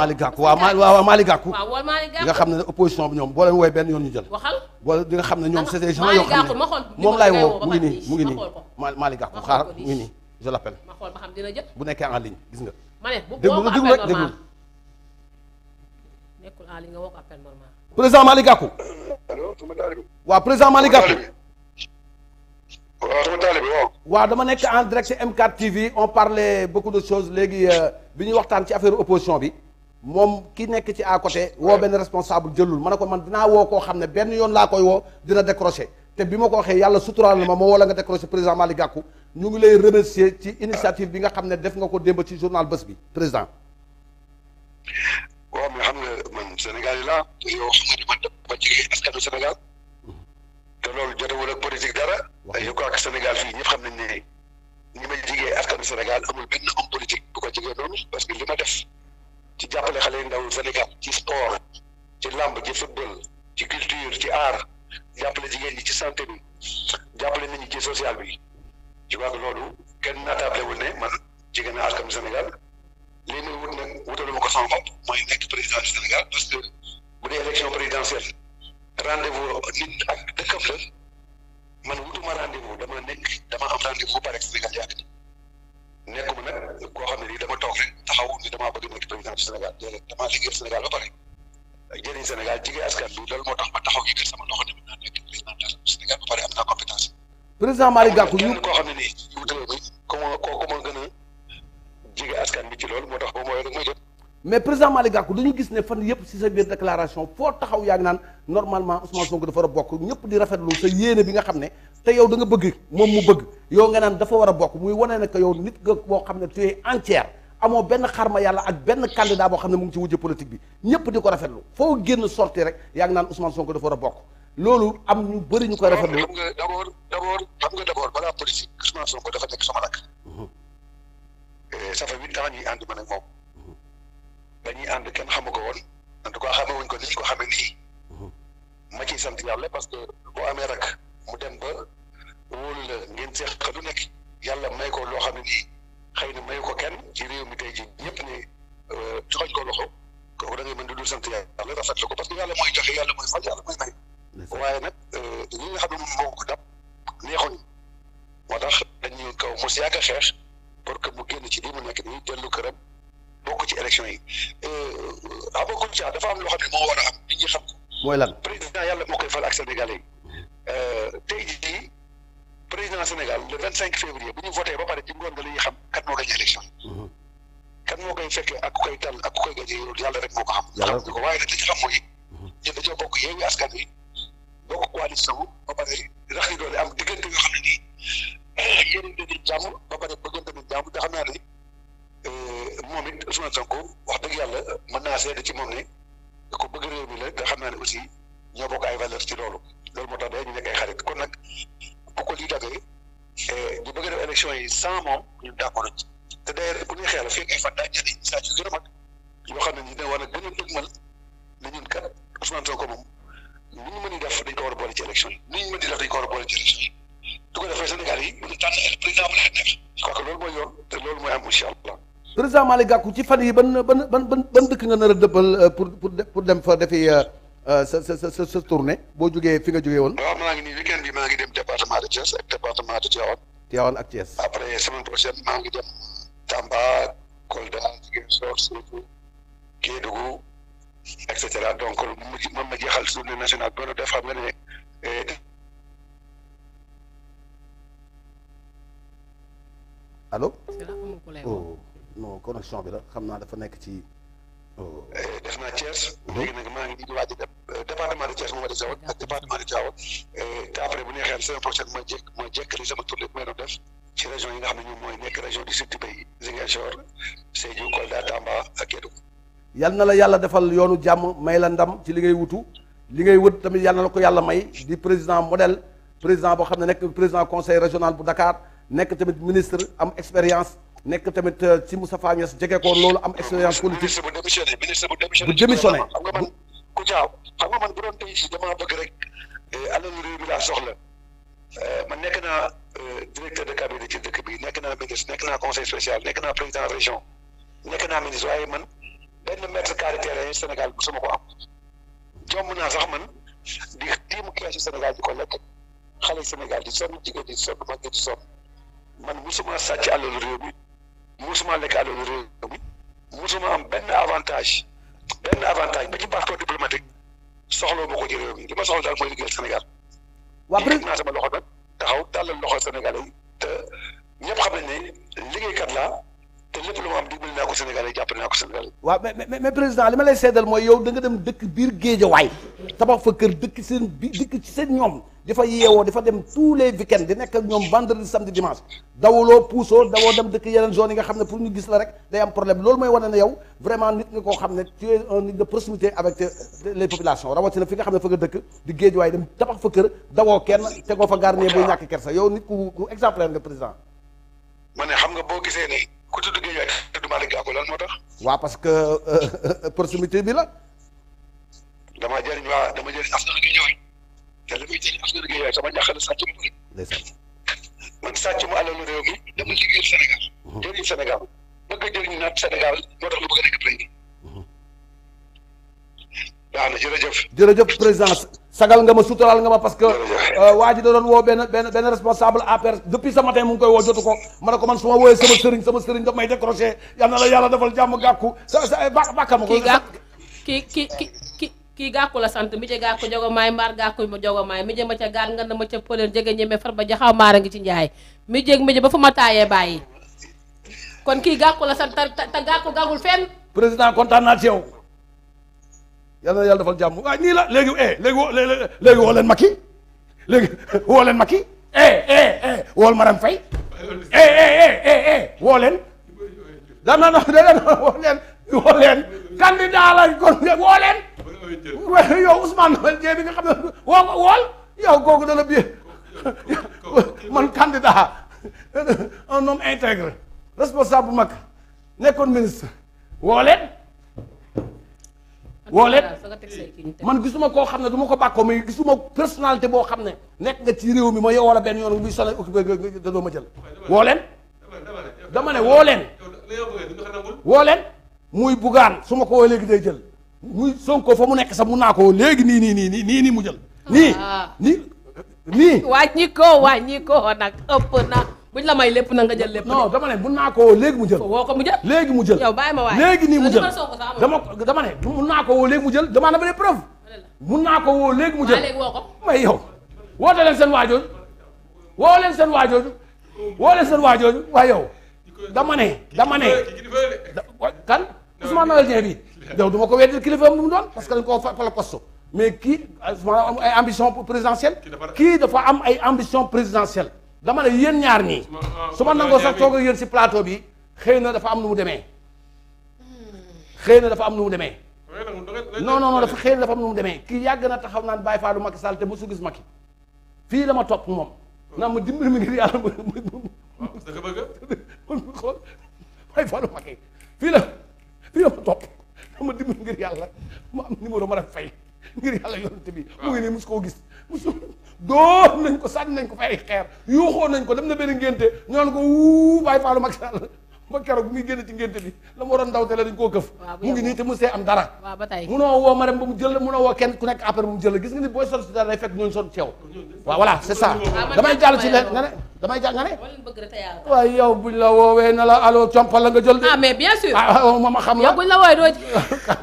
Malick Gakou waaw waaw Malick Gakou di nga xam ne opposition bi ñoom boo leen wooy benn yoon ñu jël waxal boo di nga xam ne ñoom c'est des gens yoo xam ne moom laay woo mu ngi nii mu ngi nii Malick Gakou xaar mu ngi nii je l'appelle ma xool ba xam dina jël bu nekkee en ligne gis nga ma ne déglu nga déglu rek déglu nekkul en ligne nga woo ko appel normal président Malick Gakou waaw président Malick Gakou waaw dama nekk en direct MK TV on parlait beaucoup de choses léegi euh, bi ñuy waxtaan ci affaire opposition bi moom ki nekk ci à côté woo benn responsable jëlul ma ne ko man dinaa woo koo xam ne benn yoon laa koy woo dina décroché te bi ma ko waxee yàlla suturaal na ma ma woo nga décroché président Malick Gakou ñu ngi lay remercier ci initiative bi nga xam ne def nga ko démb ci journal bés bi président waaw mais xam nga man Sénégal yi laa yow xam nga ni man dama jege askanu Sénégal mm-hmm. te loolu jotewul ak politique dara je crois Sénégal fii ñëpp xam nañ ne ñi ko jege noonu parce ci jàppale xale yu ndaw Sénégal ci sport ci làmb ci football ci culture ci art jàppale jigéen ñi ci santé bi jàppale nit ñi ci social bi ci wàllu loolu kenn naataable wul ne man jigéen na askanu Sénégal lii muy wut nag wutalu ma ko sama bopp mooy nekk président du Sénégal parce que bu dee élection présidentielle rendez-vous nit ak dëkkam la man wutuma rendez dama nekk dama am rendez bu pare liggéey Sénégal ba pare bi loolu moo tax ma taxaw yëkkat sama président de l'Assemblée Sénégal ba pare am ñu koo xam ne nii wutale moo gën a jege askan bi ci loolu moo tax ba mooy rek mooy jot. mais président Malick Gakou dañu gis ne fan yëpp si sa biir déclaration foo taxaw yaa ngi naan normalement Ousmane Sonko dafa war a bokk ñëpp di rafetlu sa yéene bi nga xam ne te yow da nga bëgg moom mu bëgg yow nga naan dafa war a bokk muy wane ne que yow nit nga boo xam ne tu es entière amoo benn xarma yàlla ak benn candidat boo xam ne mu ngi ci wujje politique bi ñëpp di ko rafetlu foo génn sorti rek yaa ngi naan Ousmane Sonko dafa war a bokk loolu am ñu bëri ñu koy rafetlu. xam nga d' abord d' abord xam nga d' abord balaa politique Ousmane Sonko dafa nekk sama rakk. Mhm. ça fait huit ans ñuy ànd man ak moom. Mhm. dañuy ànd kenn xamu ko woon en tout cas xamewuñ ko ni ñu ko xamee nii. Mhm. ma ciy sant yàlla parce que boo amee rek rafetlu ko parce que yàlla mooy joxe yàlla mooy fal yàlla mooy may. waaye nag euh, ñi xam ne moom moo ko dab neexuñ moo tax dañuy kaw mos yàgg a xeex pour que mu génn ci lii mu nekk nii dellu këram bokk ci élection yi xam euh, nga Kouthia dafa am loo xam moo war am nit ñi ko. mooy lan président yàlla moo koy fal ak sénégalais yi euh, te jii président Sénégal le vingt cinq février bu ñu voté ba pare ci ngoon nga la xam kat moo gañ élection. Mhm. kan moo koy fekkee ak ku koy dal ak ku koy gajee loolu yàlla rek moo ko xam. yàlla xam ko waaye nag li ci xam mooy ñun dañoo bokk Yewwi Askan Wi bokk coalition ba pare raxi doole am diggante yoo xam ne nii eh, yéen a ngi jàmm ba pare bëggante nañ jàmm ni xam naa ne eh, moom it wax dëgg yàlla mën naa seede ci moom ne ku bëgg réew mi la te xam naa ne aussi ñoo ay valeur ci loolu loolu moo tax day ñu nekk xarit kon nag bu ko lii dagee eh, ñu bëgg a élection yi sans moom ñun d'accord ci. te bu ñuy xeela fii ak ay fan daañu jël initiative yu gën a mag yoo xam ne ñi ne war a gën a dëgmal ne ñun kat Ousmane Sonko moom ni ñu mën a def dañ ko war boole ci élection yi ni ñu mën di def dañ ko boole ci élection yi du defee Sénégal yi mën bu leen neex je crois que loolu mooy yoon te loolu mooy am incha allah président Malick Gakou ci fan yi ban ban ban ban dëkk nga nar a dëbbal euh, pour pour dem fa defi euh, euh, sa sa sa sa tournée boo jógee fi nga jógee woon. waaw maa ngi maa ngi dem département de Thiès ngi dem. Tamba Kolda Ziguinchor Sédhiou Kédougou et cetera donc mën na jeexal journée nationale boo def xam nga ne eh, allo oh non connexion bi la xam naa dafa nekk ci oh. eh, def naa Thiès mhm. léegi nag maa ngi waaj a dem eh, département de Thiès moom de Zawal ak département de Thiawal te après bu neexee semaine prochaine ma jekk ma jekk li sama tournée bi may def ci région yi nga xam ne ñoom mooy nekk région du sud du pays Ziguinchor Sédhiou Kolda Tamba ak Kédougou. yal na la yàlla defal yoonu jàmm may la ndam ci li ngay wutu li ngay wut tamit yal na la ko yàlla may di président modèle président boo xam ne nekk président conseil régional bu Dakar nekk tamit ministre am expérience nekk tamit euh, ci Moustapha Niasse jege ko loolu am expérience politique ministre bu démissionné ministre bu démissionné bu démissionné xam nga man ku bu doon Euh, ma nekk naa euh, directeur de cabinet ci dëkk bi nekk naa ministre nekk naa conseil spécial nekk naa président région nekk naa ministre waaye man benn mètre carré Sénégal bu sama ko am jomb naa sax man di tiimu keesu Sénégal di ko lekk xale Sénégal di sonn jigéen di sonn mag di sonn man musuma sàcc alalu réew mi musuma lekk alalu réew mi musuma am benn avantage benn avantage ba ci passeport diplomatique soxla ma ko ci réew mi li ma soxla daal mooy liggéeyal Sénégal. Sénégalais yi te ñëpp xam nañ ne liggéeykat laa te lépp lu ma am dimbali naa ko Sénégal yi Sénégal yi. waaw mais mais président li ma lay seedal mooy yow danga dem dëkk biir waay tabax fa kër dëkk seen bi dëkk ci seen ñoom di fa yeewoo di fa dem tous les week-ends di nekk ak ñoom vendredi samedi dimanche dawuloo puusoo dawoo dem dëkk yeneen zone yi nga xam ne pour ñu gis la rek day am problème loolu mooy wane ne yow vraiment nit nga koo xam ne tu es un nit de proximité avec les populations rawatina fi ne fa nga dëkk di Géejawaay dem tabax fa kër dawoo kenn tegoo fa garnier bu ñàkk yow nit ku exemplaire nga président. ma ne xam ku tudd Guédiawaye te Malick Gakou lan moo tax. waaw parce que euh, euh, euh, proximité bi la. damaa jëriñ waa dama jëriñ askanu Guédiawaye te li muy jëriñ askanu Guédiawaye sama ñax la sàcc mu bëri. man sàcc mu alalu réew mi dama liggéeyal Sénégal. Mhm. jëriñ Sénégal bëgg a jëriñ naat Sénégal moo tax lu bëgg a nekk président. Mhm. baax na jërëjëf. jërëjëf président. sagal nga ma suturaal nga ma parce que euh, waa ji da doon woo benn benn benn responsable APR depuis ce matin mu koy woo jotu ko ma ne ko man su ma wooyee sama sëriñ sama sëriñ daf may décroché yal yàlla defal jàmm gàkku sa sa eh, bàkkal ma ko kii kii kii gàkku la sant mi je gàkku jogomaay mbaar gàkku ma jogomaay mi je ma ca gaal nga na ma ca pëleen jege ñeme far ba jaxaw maara ngi ci njaay mi jeg mi je ba fu ma taayee bàyyi kon kii gàkku la sant te gàkku gàggul fenn président kontaan naa yàlla na yàlla defal jàmm waaye nii la léegi eh léegi woo léegi woo leen Macky woo leen Macky eh eh eh wool Marème Faye eh eh, eh eh eh woo leen dana no dana no woo leen woo leen candidat lañ woo leen yow Ousmane nga xam ne woo wool yow kooku dana bi man candidat un homme intègre responsable bu nekkoon ministre woo leen wooleet man gisuma koo xam ne du ko bàkkoo mais gisuma personnalité boo xam ne nekk nga ci réew mi ma yow wala benn yoon buy sonal occupé da doo ma jël woo leen dama ne woo leen woo leen muy bugaan su ma léegi day jël muy Sonko fa mu nekk sax mun naa koo léegi nii nii nii nii nii mu jël nii ah. nii nii wàññi ko wàññi ko nag ëpp na buñ la may lépp na nga jël lépp non dama ne mun naa ko woo léegi mu jël woo ko mu jël léegi mu jël yow bàyyi ma waay léegi nii mu jël dama dama ne mun naa ko woo léegi mu jël demande mun naa ko woo léegi mu jël léegi woo ko may yow woote leen seen waajooju woo leen seen waajooju woo leen seen waajooju waaye yow dama ne dama ne kan Ousmane Noël Dieng bi yow ko weddil kilifaam mu mu doon parce que dañ koo fa la poste mais kii dafa am ay ambition présidentielle kii dafa am ay ambition présidentielle dama ne yéen ñaar ñii. Ah, su ma nangoo sax toog ak si plateau bi xëy na dafa am nu mu demee. xëy na dafa am nu mu demee. non non non dafa xëy na dafa am demee kii yàgg na taxaw naan bàyyi faalu Macky Sall te gis Macky fii la ma topp moom. naan ma dimbali mi ngir yàlla mu ah, dëgg fii la fii la ma yàlla mu am numéro ma def fay. ngir yàlla yonent bi mu ngi ne mus koo gis musu dóor ko sànni nañ ko fa ay xeer yuuxoo nañ ko dem na benn ngénte ñoon ko wuu bàyyi faalu Macky Sall ba keroog bu muy génn ci ngénte la mu waroon ndaw te la dañ këf mu ngi nii te mu am dara munoo woo ma dem ba mu jël woo kenn ku nekk après mu jël gis nga ni booy sol si dara day fekk ñooñu son ceew waaw voilà la woowee na la allo compal la nga jël de ah mais bien sûr ah moom ah, ma la buñ la